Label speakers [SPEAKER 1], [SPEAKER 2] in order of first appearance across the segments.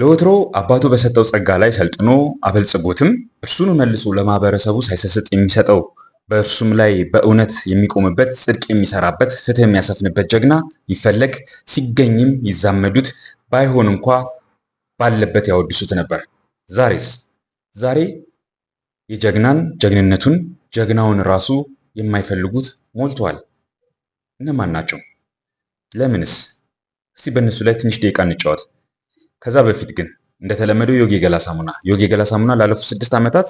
[SPEAKER 1] ለወትሮ አባቱ በሰጠው ጸጋ ላይ ሰልጥኖ አበልጽጎትም እርሱን መልሶ ለማህበረሰቡ ሳይሰስጥ የሚሰጠው በእርሱም ላይ በእውነት የሚቆምበት ጽድቅ የሚሰራበት ፍትህ የሚያሰፍንበት ጀግና ይፈለግ፣ ሲገኝም ይዛመዱት፣ ባይሆን እንኳ ባለበት ያወድሱት ነበር። ዛሬስ ዛሬ የጀግናን ጀግንነቱን ጀግናውን ራሱ የማይፈልጉት ሞልተዋል። እነማን ናቸው? ለምንስ? እስቲ በእነሱ ላይ ትንሽ ደቂቃ እንጫወት። ከዛ በፊት ግን እንደተለመደው ዮጊ ገላ ሳሙና ዮጊ ገላ ሳሙና ላለፉት ስድስት ዓመታት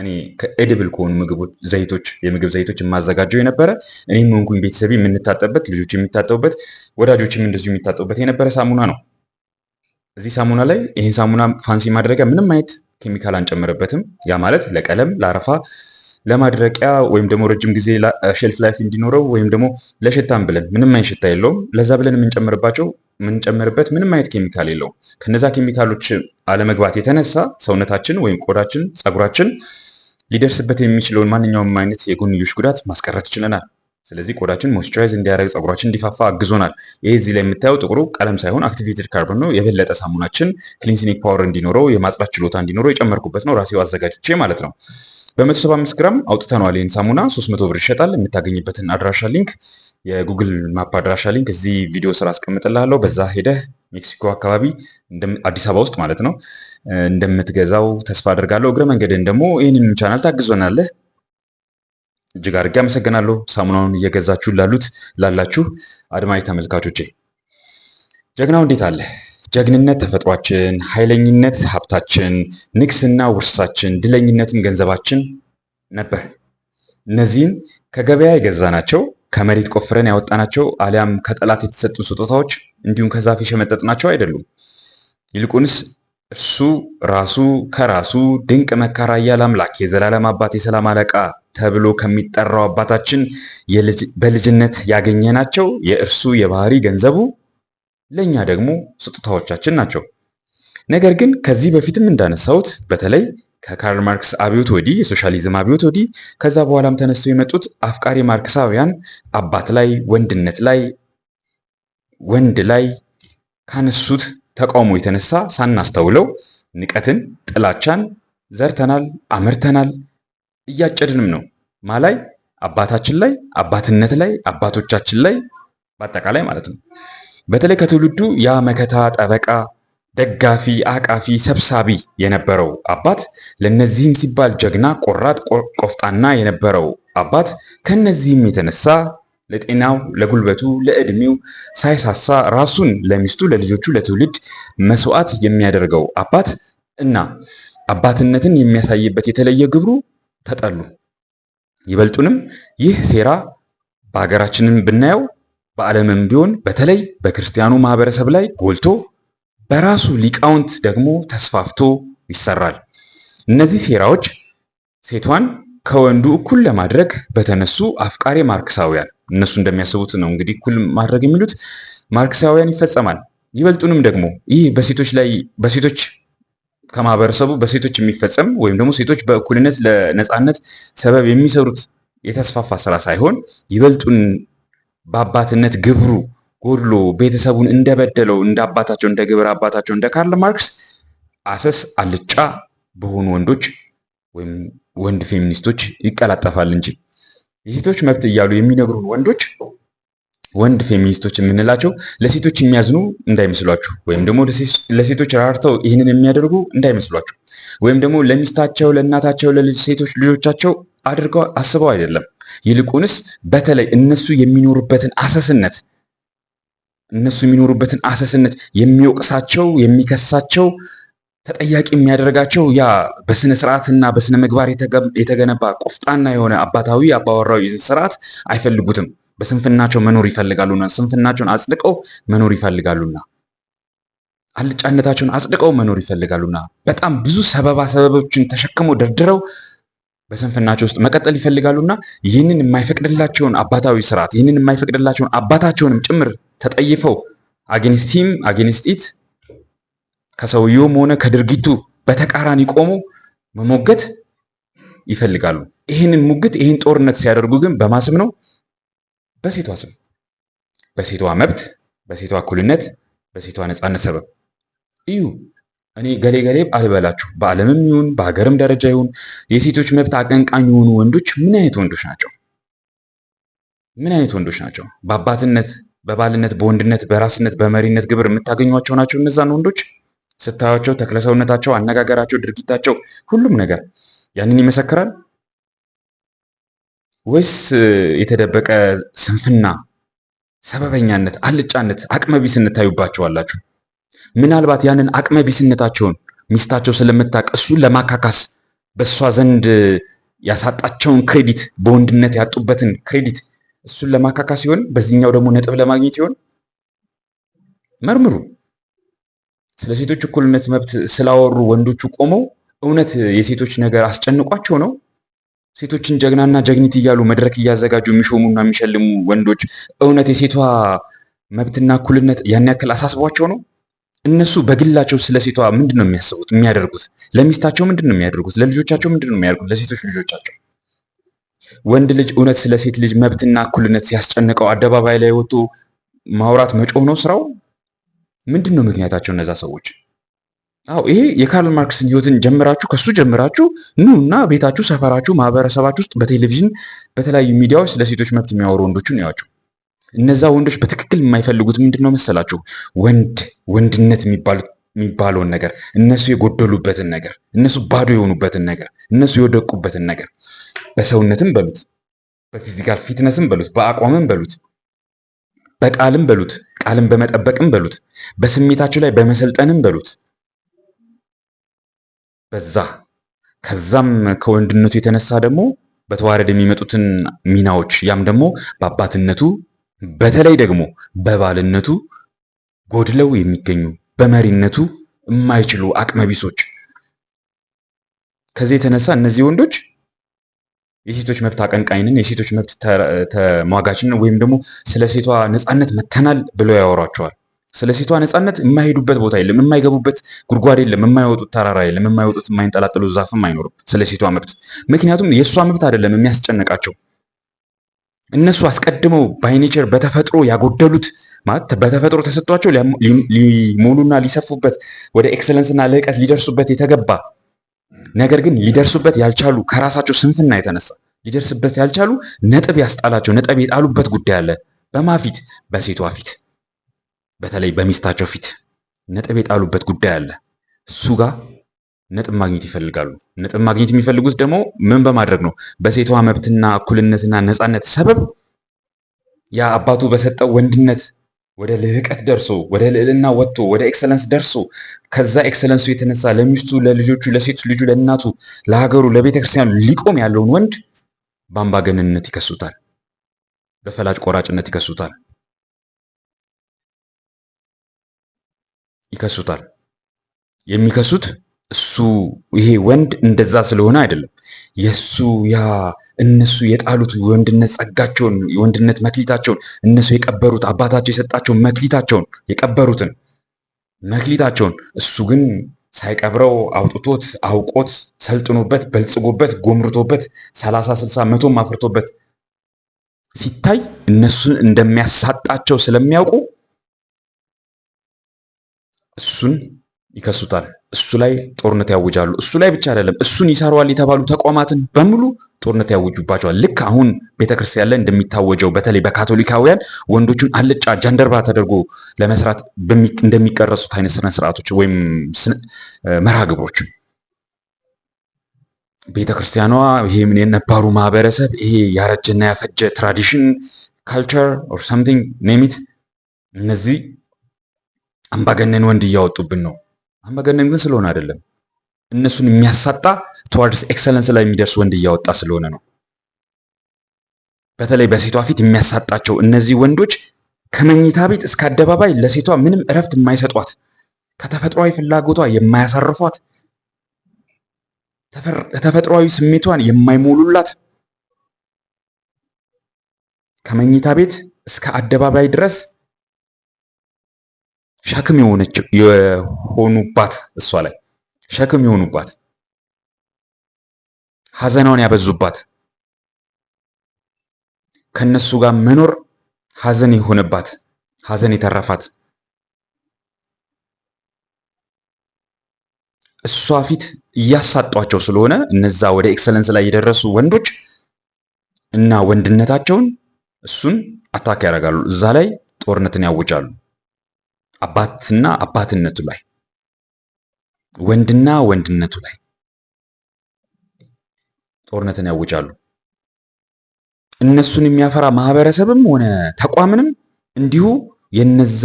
[SPEAKER 1] እኔ ከኤድብል ከሆኑ ምግቦች ዘይቶች የምግብ ዘይቶች የማዘጋጀው የነበረ እኔም ሆንኩኝ ቤተሰቤ የምንታጠበት ልጆች የሚታጠቡበት ወዳጆችም እንደዚሁ የሚታጠቡበት የነበረ ሳሙና ነው። እዚህ ሳሙና ላይ ይህን ሳሙና ፋንሲ ማድረጊያ ምንም አይነት ኬሚካል አንጨምርበትም። ያ ማለት ለቀለም፣ ለአረፋ ለማድረቂያ ወይም ደግሞ ረጅም ጊዜ ሼልፍ ላይፍ እንዲኖረው ወይም ደግሞ ለሽታም ብለን ምንም አይነት ሽታ የለውም። ለዛ ብለን የምንጨምርባቸው የምንጨምርበት ምንም አይነት ኬሚካል የለውም። ከነዛ ኬሚካሎች አለመግባት የተነሳ ሰውነታችን ወይም ቆዳችን፣ ፀጉራችን ሊደርስበት የሚችለውን ማንኛውም አይነት የጎንዮሽ ጉዳት ማስቀረት ችለናል። ስለዚህ ቆዳችን ሞይስቸራይዝ እንዲያደርግ ፀጉራችን እንዲፋፋ አግዞናል። ይህ እዚህ ላይ የምታየው ጥቁሩ ቀለም ሳይሆን አክቲቬትድ ካርቦን ነው። የበለጠ ሳሙናችን ክሊንሲኒክ ፓወር እንዲኖረው የማጽዳት ችሎታ እንዲኖረው የጨመርኩበት ነው ራሴው አዘጋጅቼ ማለት ነው። በ175 ግራም አውጥተነዋል። ይህን ሳሙና 300 ብር ይሸጣል። የምታገኝበትን አድራሻ ሊንክ፣ የጉግል ማፕ አድራሻ ሊንክ እዚህ ቪዲዮ ስራ አስቀምጥልሃለሁ። በዛ ሄደህ ሜክሲኮ አካባቢ አዲስ አበባ ውስጥ ማለት ነው እንደምትገዛው ተስፋ አድርጋለሁ። እግረ መንገድን ደግሞ ይህንን ቻናል ታግዞናለህ። እጅግ አድርጌ አመሰግናለሁ። ሳሙናውን እየገዛችሁ ላሉት ላላችሁ አድማጭ ተመልካቾቼ ጀግናው እንዴት አለ? ጀግንነት ተፈጥሯችን፣ ኃይለኝነት ሀብታችን፣ ንግስና ውርሳችን፣ ድለኝነትም ገንዘባችን ነበር። እነዚህን ከገበያ የገዛናቸው፣ ከመሬት ቆፍረን ያወጣናቸው፣ አሊያም ከጠላት የተሰጡን ስጦታዎች እንዲሁም ከዛፍ የሸመጠጥናቸው አይደሉም። ይልቁንስ እርሱ ራሱ ከራሱ ድንቅ መካር፣ ኃያል አምላክ፣ የዘላለም አባት፣ የሰላም አለቃ ተብሎ ከሚጠራው አባታችን በልጅነት ያገኘናቸው የእርሱ የባህሪ ገንዘቡ ለእኛ ደግሞ ስጦታዎቻችን ናቸው። ነገር ግን ከዚህ በፊትም እንዳነሳሁት በተለይ ከካርል ማርክስ አብዮት ወዲህ የሶሻሊዝም አብዮት ወዲህ ከዛ በኋላም ተነስተው የመጡት አፍቃሪ ማርክሳውያን አባት ላይ ወንድነት ላይ ወንድ ላይ ካነሱት ተቃውሞ የተነሳ ሳናስተውለው ንቀትን፣ ጥላቻን ዘርተናል፣ አምርተናል፣ እያጨድንም ነው። ማላይ አባታችን ላይ አባትነት ላይ አባቶቻችን ላይ በአጠቃላይ ማለት ነው። በተለይ ከትውልዱ ያ መከታ ጠበቃ፣ ደጋፊ፣ አቃፊ፣ ሰብሳቢ የነበረው አባት ለነዚህም ሲባል ጀግና፣ ቆራጥ፣ ቆፍጣና የነበረው አባት ከነዚህም የተነሳ ለጤናው፣ ለጉልበቱ፣ ለእድሜው ሳይሳሳ ራሱን ለሚስቱ፣ ለልጆቹ፣ ለትውልድ መስዋዕት የሚያደርገው አባት እና አባትነትን የሚያሳይበት የተለየ ግብሩ ተጠሉ። ይበልጡንም ይህ ሴራ በሀገራችንም ብናየው በዓለምም ቢሆን በተለይ በክርስቲያኑ ማህበረሰብ ላይ ጎልቶ በራሱ ሊቃውንት ደግሞ ተስፋፍቶ ይሰራል። እነዚህ ሴራዎች ሴቷን ከወንዱ እኩል ለማድረግ በተነሱ አፍቃሪ ማርክሳውያን እነሱ እንደሚያስቡት ነው እንግዲህ እኩል ማድረግ የሚሉት ማርክሳውያን ይፈጸማል። ይበልጡንም ደግሞ ይህ በሴቶች ላይ በሴቶች ከማህበረሰቡ በሴቶች የሚፈጸም ወይም ደግሞ ሴቶች በእኩልነት ለነፃነት ሰበብ የሚሰሩት የተስፋፋ ስራ ሳይሆን ይበልጡን በአባትነት ግብሩ ጎድሎ ቤተሰቡን እንደበደለው እንደ አባታቸው እንደ ግብር አባታቸው እንደ ካርል ማርክስ አሰስ አልጫ በሆኑ ወንዶች ወይም ወንድ ፌሚኒስቶች ይቀላጠፋል እንጂ የሴቶች መብት እያሉ የሚነግሩን ወንዶች ወንድ ፌሚኒስቶች የምንላቸው ለሴቶች የሚያዝኑ እንዳይመስሏችሁ፣ ወይም ደግሞ ለሴቶች ራርተው ይህንን የሚያደርጉ እንዳይመስሏችሁ፣ ወይም ደግሞ ለሚስታቸው፣ ለእናታቸው፣ ለሴቶች ልጆቻቸው አድርገው አስበው አይደለም። ይልቁንስ በተለይ እነሱ የሚኖሩበትን አሰስነት እነሱ የሚኖሩበትን አሰስነት የሚወቅሳቸው የሚከሳቸው ተጠያቂ የሚያደርጋቸው ያ በስነ ስርዓትና በስነ ምግባር የተገነባ ቆፍጣና የሆነ አባታዊ አባወራዊ ስርዓት አይፈልጉትም። በስንፍናቸው መኖር ይፈልጋሉና ስንፍናቸውን አጽድቀው መኖር ይፈልጋሉና አልጫነታቸውን አጽድቀው መኖር ይፈልጋሉና በጣም ብዙ ሰበባ ሰበቦችን ተሸክመው ደርድረው በስንፍናቸው ውስጥ መቀጠል ይፈልጋሉና ይህንን የማይፈቅድላቸውን አባታዊ ስርዓት ይህንን የማይፈቅድላቸውን አባታቸውንም ጭምር ተጠይፈው አጌንስቲም አጌንስጢት ከሰውየውም ሆነ ከድርጊቱ በተቃራኒ ቆሞ መሞገት ይፈልጋሉ። ይህንን ሙግት ይህን ጦርነት ሲያደርጉ ግን በማስም ነው፣ በሴቷ ስም፣ በሴቷ መብት፣ በሴቷ እኩልነት፣ በሴቷ ነፃነት ሰበብ እዩ። እኔ ገሌ ገሌ አልበላችሁ። በዓለምም ይሁን በሀገርም ደረጃ ይሁን የሴቶች መብት አቀንቃኝ የሆኑ ወንዶች ምን አይነት ወንዶች ናቸው? ምን አይነት ወንዶች ናቸው? በአባትነት፣ በባልነት፣ በወንድነት፣ በራስነት፣ በመሪነት ግብር የምታገኟቸው ናቸው። እነዛን ወንዶች ስታያቸው ተክለሰውነታቸው፣ አነጋገራቸው፣ ድርጊታቸው፣ ሁሉም ነገር ያንን ይመሰክራል ወይስ የተደበቀ ስንፍና፣ ሰበበኛነት፣ አልጫነት፣ አቅመቢስነት ታዩባቸዋላችሁ? ምናልባት ያንን አቅመ ቢስነታቸውን ሚስታቸው ስለምታውቅ እሱን ለማካካስ በእሷ ዘንድ ያሳጣቸውን ክሬዲት በወንድነት ያጡበትን ክሬዲት እሱን ለማካካስ ሲሆን፣ በዚህኛው ደግሞ ነጥብ ለማግኘት ይሆን? መርምሩ። ስለ ሴቶች እኩልነት መብት ስላወሩ ወንዶቹ ቆመው እውነት የሴቶች ነገር አስጨንቋቸው ነው? ሴቶችን ጀግናና ጀግኒት እያሉ መድረክ እያዘጋጁ የሚሾሙና የሚሸልሙ ወንዶች እውነት የሴቷ መብትና እኩልነት ያን ያክል አሳስቧቸው ነው? እነሱ በግላቸው ስለ ሴቷ ምንድን ነው የሚያስቡት የሚያደርጉት? ለሚስታቸው ምንድን ነው የሚያደርጉት? ለልጆቻቸው ምንድን ነው የሚያደርጉት? ለሴቶች ልጆቻቸው ወንድ ልጅ እውነት ስለ ሴት ልጅ መብትና እኩልነት ሲያስጨንቀው አደባባይ ላይ ወጥቶ ማውራት መጮህ ነው ስራው? ምንድን ነው ምክንያታቸው እነዛ ሰዎች? አዎ ይሄ የካርል ማርክስን ህይወትን ጀምራችሁ ከሱ ጀምራችሁ ኑ እና ቤታችሁ፣ ሰፈራችሁ፣ ማህበረሰባችሁ ውስጥ በቴሌቪዥን በተለያዩ ሚዲያዎች ስለ ሴቶች መብት የሚያወሩ ወንዶችን ያዋቸው እነዛ ወንዶች በትክክል የማይፈልጉት ምንድን ነው መሰላችሁ? ወንድ ወንድነት የሚባለውን ነገር እነሱ የጎደሉበትን ነገር እነሱ ባዶ የሆኑበትን ነገር እነሱ የወደቁበትን ነገር በሰውነትም በሉት በፊዚካል ፊትነስም በሉት በአቋምም በሉት በቃልም በሉት ቃልን በመጠበቅም በሉት በስሜታቸው ላይ በመሰልጠንም በሉት በዛ ከዛም ከወንድነቱ የተነሳ ደግሞ በተዋረድ የሚመጡትን ሚናዎች ያም ደግሞ በአባትነቱ በተለይ ደግሞ በባልነቱ ጎድለው የሚገኙ በመሪነቱ የማይችሉ አቅመቢሶች። ከዚህ የተነሳ እነዚህ ወንዶች የሴቶች መብት አቀንቃኝንን የሴቶች መብት ተሟጋችንን ወይም ደግሞ ስለ ሴቷ ነፃነት መተናል ብለው ያወሯቸዋል። ስለ ሴቷ ነፃነት የማይሄዱበት ቦታ የለም፣ የማይገቡበት ጉድጓድ የለም፣ የማይወጡት ተራራ የለም፣ የማይወጡት የማይንጠላጥሉ ዛፍም አይኖርም ስለ ሴቷ መብት። ምክንያቱም የእሷ መብት አይደለም የሚያስጨንቃቸው እነሱ አስቀድመው ባይኔቸር በተፈጥሮ ያጎደሉት ማለት በተፈጥሮ ተሰጥቷቸው ሊሞሉና ሊሰፉበት ወደ ኤክሰለንስና ልዕቀት ሊደርሱበት የተገባ ነገር ግን ሊደርሱበት ያልቻሉ ከራሳቸው ስንፍና የተነሳ ሊደርስበት ያልቻሉ ነጥብ ያስጣላቸው ነጥብ የጣሉበት ጉዳይ አለ። በማፊት በሴቷ ፊት፣ በተለይ በሚስታቸው ፊት ነጥብ የጣሉበት ጉዳይ አለ እሱ ጋር ነጥብ ማግኘት ይፈልጋሉ። ነጥብ ማግኘት የሚፈልጉት ደግሞ ምን በማድረግ ነው? በሴቷ መብትና እኩልነትና ነፃነት ሰበብ ያ አባቱ በሰጠው ወንድነት ወደ ልህቀት ደርሶ ወደ ልዕልና ወጥቶ ወደ ኤክሰለንስ ደርሶ ከዛ ኤክሰለንሱ የተነሳ ለሚስቱ፣ ለልጆቹ፣ ለሴቱ ልጁ፣ ለእናቱ፣ ለሀገሩ፣ ለቤተ ክርስቲያኑ ሊቆም ያለውን ወንድ በአምባገንነት ይከሱታል። በፈላጭ ቆራጭነት ይከሱታል ይከሱታል የሚከሱት እሱ ይሄ ወንድ እንደዛ ስለሆነ አይደለም። የእሱ ያ እነሱ የጣሉት የወንድነት ጸጋቸውን የወንድነት መክሊታቸውን እነሱ የቀበሩት አባታቸው የሰጣቸውን መክሊታቸውን የቀበሩትን መክሊታቸውን እሱ ግን ሳይቀብረው አውጥቶት አውቆት ሰልጥኖበት በልጽጎበት ጎምርቶበት ሰላሳ ስልሳ መቶም አፍርቶበት ሲታይ እነሱን እንደሚያሳጣቸው ስለሚያውቁ እሱን ይከሱታል። እሱ ላይ ጦርነት ያውጃሉ። እሱ ላይ ብቻ አይደለም፣ እሱን ይሰሯል የተባሉ ተቋማትን በሙሉ ጦርነት ያውጁባቸዋል። ልክ አሁን ቤተክርስቲያን ላይ እንደሚታወጀው በተለይ በካቶሊካውያን ወንዶቹን አልጫ ጃንደርባ ተደርጎ ለመስራት እንደሚቀረጹት አይነት ስነ ስርዓቶች ወይም መርሃ ግብሮች ቤተክርስቲያኗ ይሄ ምን የነባሩ ማህበረሰብ ይሄ ያረጀና ያፈጀ ትራዲሽን ካልቸር ኦር ሳምቲንግ ኔሚት እነዚህ አምባገነን ወንድ እያወጡብን ነው መገነን ግን ስለሆነ አይደለም እነሱን የሚያሳጣ ቱዋርድስ ኤክሰለንስ ላይ የሚደርስ ወንድ እያወጣ ስለሆነ ነው። በተለይ በሴቷ ፊት የሚያሳጣቸው እነዚህ ወንዶች ከመኝታ ቤት እስከ አደባባይ ለሴቷ ምንም እረፍት የማይሰጧት ከተፈጥሯዊ ፍላጎቷ የማያሳርፏት ተፈጥሯዊ ስሜቷን የማይሞሉላት ከመኝታ ቤት እስከ አደባባይ ድረስ ሸክም የሆኑባት እሷ ላይ ሸክም የሆኑባት ሀዘናውን ያበዙባት ከነሱ ጋር መኖር ሀዘን የሆነባት ሀዘን የተረፋት እሷ ፊት እያሳጧቸው ስለሆነ እነዛ ወደ ኤክሰለንስ ላይ የደረሱ ወንዶች እና ወንድነታቸውን እሱን አታክ ያደርጋሉ። እዛ ላይ ጦርነትን ያውጃሉ። አባትና አባትነቱ ላይ ወንድና ወንድነቱ ላይ ጦርነትን ያውጃሉ። እነሱን የሚያፈራ ማህበረሰብም ሆነ ተቋምንም እንዲሁ የነዛ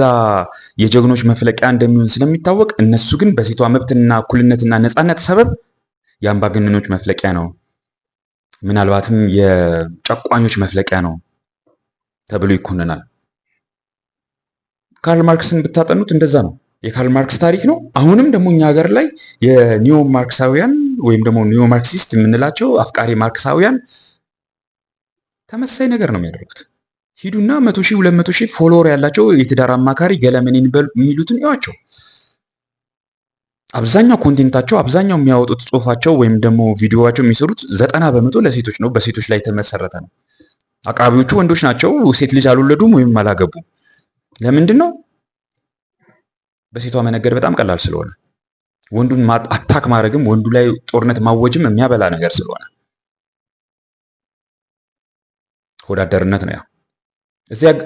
[SPEAKER 1] የጀግኖች መፍለቂያ እንደሚሆን ስለሚታወቅ እነሱ ግን በሴቷ መብትና እኩልነትና ነፃነት ሰበብ የአምባገነኖች መፍለቂያ ነው፣ ምናልባትም የጨቋኞች መፍለቂያ ነው ተብሎ ይኮንናል። ካርል ማርክስን ብታጠኑት እንደዛ ነው። የካርል ማርክስ ታሪክ ነው። አሁንም ደግሞ እኛ ሀገር ላይ የኒዮ ማርክሳውያን ወይም ደግሞ ኒዮ ማርክሲስት የምንላቸው አፍቃሪ ማርክሳውያን ተመሳሳይ ነገር ነው የሚያደርጉት። ሂዱና መቶ ሺህ ሁለት መቶ ሺህ ፎሎወር ያላቸው የትዳር አማካሪ ገለመኔን የሚሉትን እዩዋቸው። አብዛኛው ኮንቴንታቸው አብዛኛው የሚያወጡት ጽሁፋቸው ወይም ደግሞ ቪዲዮዋቸው የሚሰሩት ዘጠና በመቶ ለሴቶች ነው፣ በሴቶች ላይ የተመሰረተ ነው። አቅራቢዎቹ ወንዶች ናቸው። ሴት ልጅ አልወለዱም ወይም አላገቡም። ለምንድን ነው? በሴቷ መነገድ በጣም ቀላል ስለሆነ ወንዱን አታክ ማድረግም ወንዱ ላይ ጦርነት ማወጅም የሚያበላ ነገር ስለሆነ ወዳደርነት ነው። ያ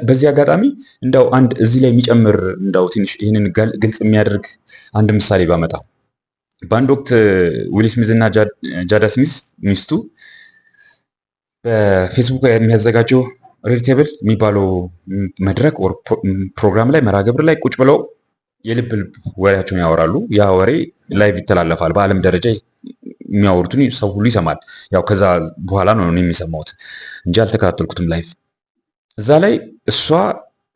[SPEAKER 1] በዚህ አጋጣሚ እንደው አንድ እዚህ ላይ የሚጨምር እንደው ትንሽ ይህንን ግልጽ የሚያደርግ አንድ ምሳሌ ባመጣው በአንድ ወቅት ዊል ስሚዝ እና ጃዳ ስሚዝ ሚስቱ በፌስቡክ የሚያዘጋጀው ሬድቴብል የሚባለው መድረክ ፕሮግራም ላይ መርሃ ግብር ላይ ቁጭ ብለው የልብ ልብ ወሬያቸውን ያወራሉ። ያ ወሬ ላይቭ ይተላለፋል። በዓለም ደረጃ የሚያወሩትን ሰው ሁሉ ይሰማል። ያው ከዛ በኋላ ነው የሚሰማውት እንጂ አልተከታተልኩትም ላይቭ። እዛ ላይ እሷ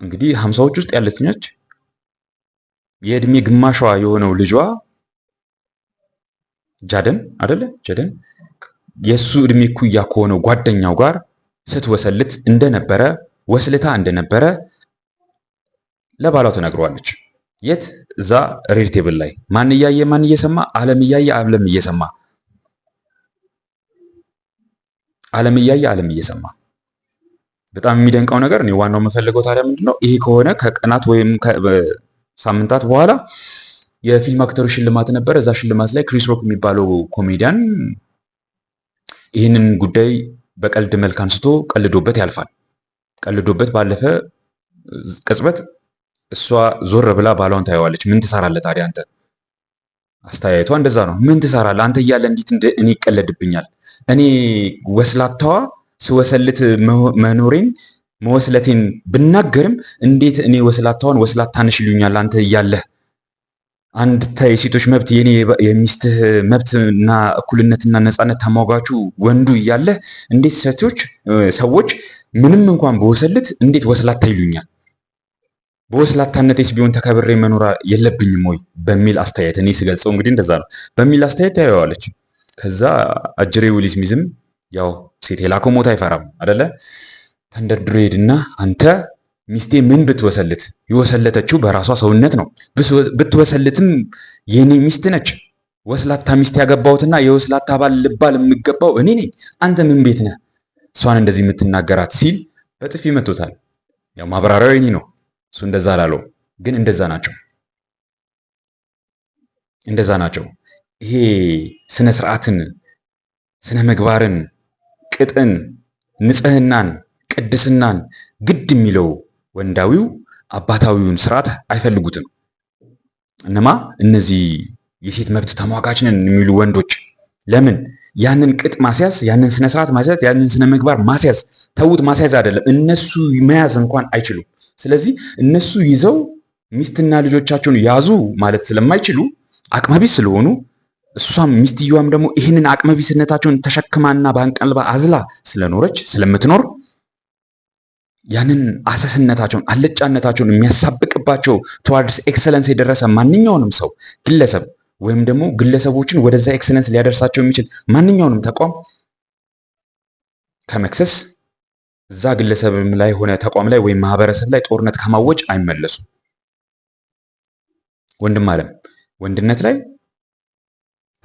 [SPEAKER 1] እንግዲህ ሀምሳዎች ውስጥ ያለችኞች የእድሜ ግማሿ የሆነው ልጇ ጃደን አደለ ጃደን የእሱ እድሜ ኩያ ከሆነው ጓደኛው ጋር ስትወሰልት እንደነበረ ወስልታ እንደነበረ ለባሏ ተናግረዋለች። የት? እዛ ሬድ ቴብል ላይ ማን እያየ ማን እየሰማ? ዓለም እያየ ዓለም እየሰማ ዓለም እያየ ዓለም እየሰማ በጣም የሚደንቀው ነገር እኔ ዋናው የምፈልገው ታዲያ ምንድን ነው ይሄ ከሆነ ከቀናት ወይም ሳምንታት በኋላ የፊልም አክተሮች ሽልማት ነበረ። እዛ ሽልማት ላይ ክሪስ ሮክ የሚባለው ኮሜዲያን ይህንን ጉዳይ በቀልድ መልክ አንስቶ ቀልዶበት ያልፋል። ቀልዶበት ባለፈ ቅጽበት እሷ ዞር ብላ ባሏን ታየዋለች። ምን ትሰራለህ ታዲያ አንተ? አስተያየቷ እንደዛ ነው። ምን ትሰራለህ አንተ እያለ እንዴት እኔ ይቀለድብኛል? እኔ ወስላታዋ ስወሰልት መኖሬን መወስለቴን ብናገርም እንዴት እኔ ወስላታዋን ወስላት ይሉኛል አንተ እያለህ አንድ የሴቶች መብት የኔ የሚስትህ መብትና እኩልነትና ነፃነት ተሟጋቹ ወንዱ እያለ እንዴት ሴቶች ሰዎች ምንም እንኳን በወሰልት እንዴት ወስላታ ይሉኛል? በወስላታነቴስ ቢሆን ተከብሬ መኖር የለብኝም ወይ በሚል አስተያየት እኔ ስገልጸው እንግዲህ እንደዛ ነው በሚል አስተያየት ታየዋለች። ከዛ አጅሬ ዊሊስሚዝም ያው ሴት የላከው ሞት አይፈራም አደለ? ተንደርድሮ ሄድና አንተ ሚስቴ ምን ብትወሰልት የወሰለተችው በራሷ ሰውነት ነው። ብትወሰልትም የኔ ሚስት ነች። ወስላታ ሚስት ያገባሁትና የወስላታ ባል ልባል የምገባው እኔ ነኝ። አንተ ምን ቤት ነህ እሷን እንደዚህ የምትናገራት? ሲል በጥፊ መቶታል። ያው ማብራሪያው የኔ ነው። እሱ እንደዛ አላለው፣ ግን እንደዛ ናቸው እንደዛ ናቸው። ይሄ ስነ ስርዓትን፣ ስነ ምግባርን፣ ቅጥን፣ ንጽህናን፣ ቅድስናን ግድ የሚለው ወንዳዊው አባታዊውን ስርዓት አይፈልጉትም። እነማ እነዚህ የሴት መብት ተሟጋች ነን የሚሉ ወንዶች ለምን ያንን ቅጥ ማስያዝ ያንን ስነ ስርዓት ማስያዝ ያንን ስነ ምግባር ማስያዝ ተውት፣ ማስያዝ አይደለም እነሱ መያዝ እንኳን አይችሉም። ስለዚህ እነሱ ይዘው ሚስትና ልጆቻቸውን ያዙ ማለት ስለማይችሉ አቅመቢስ ስለሆኑ እሷም ሚስትየዋም ደግሞ ይህንን አቅመቢስነታቸውን ተሸክማና በአንቀልባ አዝላ ስለኖረች ስለምትኖር ያንን አሰስነታቸውን አልጫነታቸውን የሚያሳብቅባቸው ተዋርድስ ኤክሰለንስ የደረሰ ማንኛውንም ሰው ግለሰብ ወይም ደግሞ ግለሰቦችን ወደዛ ኤክሰለንስ ሊያደርሳቸው የሚችል ማንኛውንም ተቋም ከመክሰስ እዛ ግለሰብም ላይ ሆነ ተቋም ላይ ወይም ማህበረሰብ ላይ ጦርነት ከማወጭ አይመለሱም። ወንድም አለም ወንድነት ላይ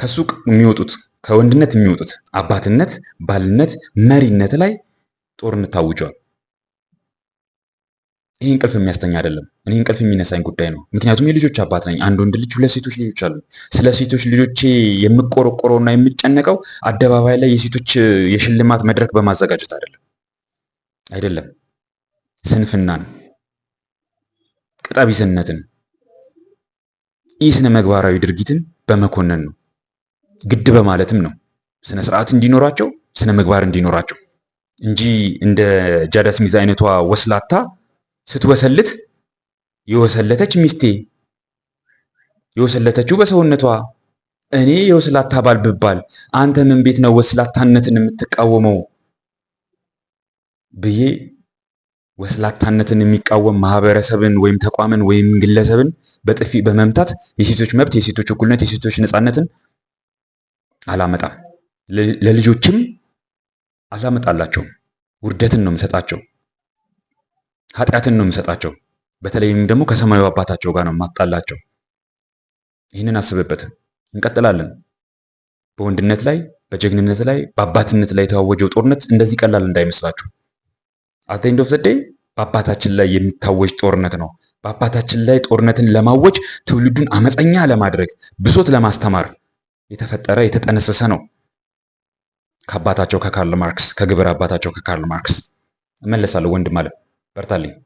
[SPEAKER 1] ከሱቅ የሚወጡት ከወንድነት የሚወጡት አባትነት፣ ባልነት፣ መሪነት ላይ ጦርነት ታውጇል። ይህ እንቅልፍ የሚያስተኛ አይደለም። እኔ እንቅልፍ የሚነሳኝ ጉዳይ ነው። ምክንያቱም የልጆች አባት ነኝ። አንድ ወንድ ልጅ፣ ሁለት ሴቶች ልጆች አሉ። ስለ ሴቶች ልጆቼ እና የምጨነቀው አደባባይ ላይ የሴቶች የሽልማት መድረክ በማዘጋጀት አይደለም አይደለም ስንፍናን፣ ቅጣቢስነትን፣ ይህ ስነ መግባራዊ ድርጊትን በመኮነን ነው። ግድ በማለትም ነው ስነ ስርዓት እንዲኖራቸው ስነ ምግባር እንዲኖራቸው እንጂ እንደ ጃዳ ስሚዝ አይነቷ ወስላታ ስትወሰልት የወሰለተች ሚስቴ የወሰለተችው በሰውነቷ እኔ የወስላታ ባል ብባል አንተ ምን ቤት ነው ወስላታነትን የምትቃወመው ብዬ ወስላታነትን የሚቃወም ማህበረሰብን ወይም ተቋምን ወይም ግለሰብን በጥፊ በመምታት የሴቶች መብት፣ የሴቶች እኩልነት፣ የሴቶች ነፃነትን አላመጣም። ለልጆችም አላመጣላቸውም። ውርደትን ነው የምሰጣቸው። ኃጢአትን ነው የምሰጣቸው። በተለይም ደግሞ ከሰማዩ አባታቸው ጋር ነው ማጣላቸው። ይህንን አስብበት። እንቀጥላለን። በወንድነት ላይ በጀግንነት ላይ በአባትነት ላይ የተዋወጀው ጦርነት እንደዚህ ቀላል እንዳይመስላችሁ። አቴንድ ኦፍ ዘዴ በአባታችን ላይ የሚታወጅ ጦርነት ነው። በአባታችን ላይ ጦርነትን ለማወጅ ትውልዱን አመፀኛ ለማድረግ ብሶት ለማስተማር የተፈጠረ የተጠነሰሰ ነው። ከአባታቸው ከካርል ማርክስ ከግብር አባታቸው ከካርል ማርክስ እመለሳለሁ። ወንድም አለ Bertalinho.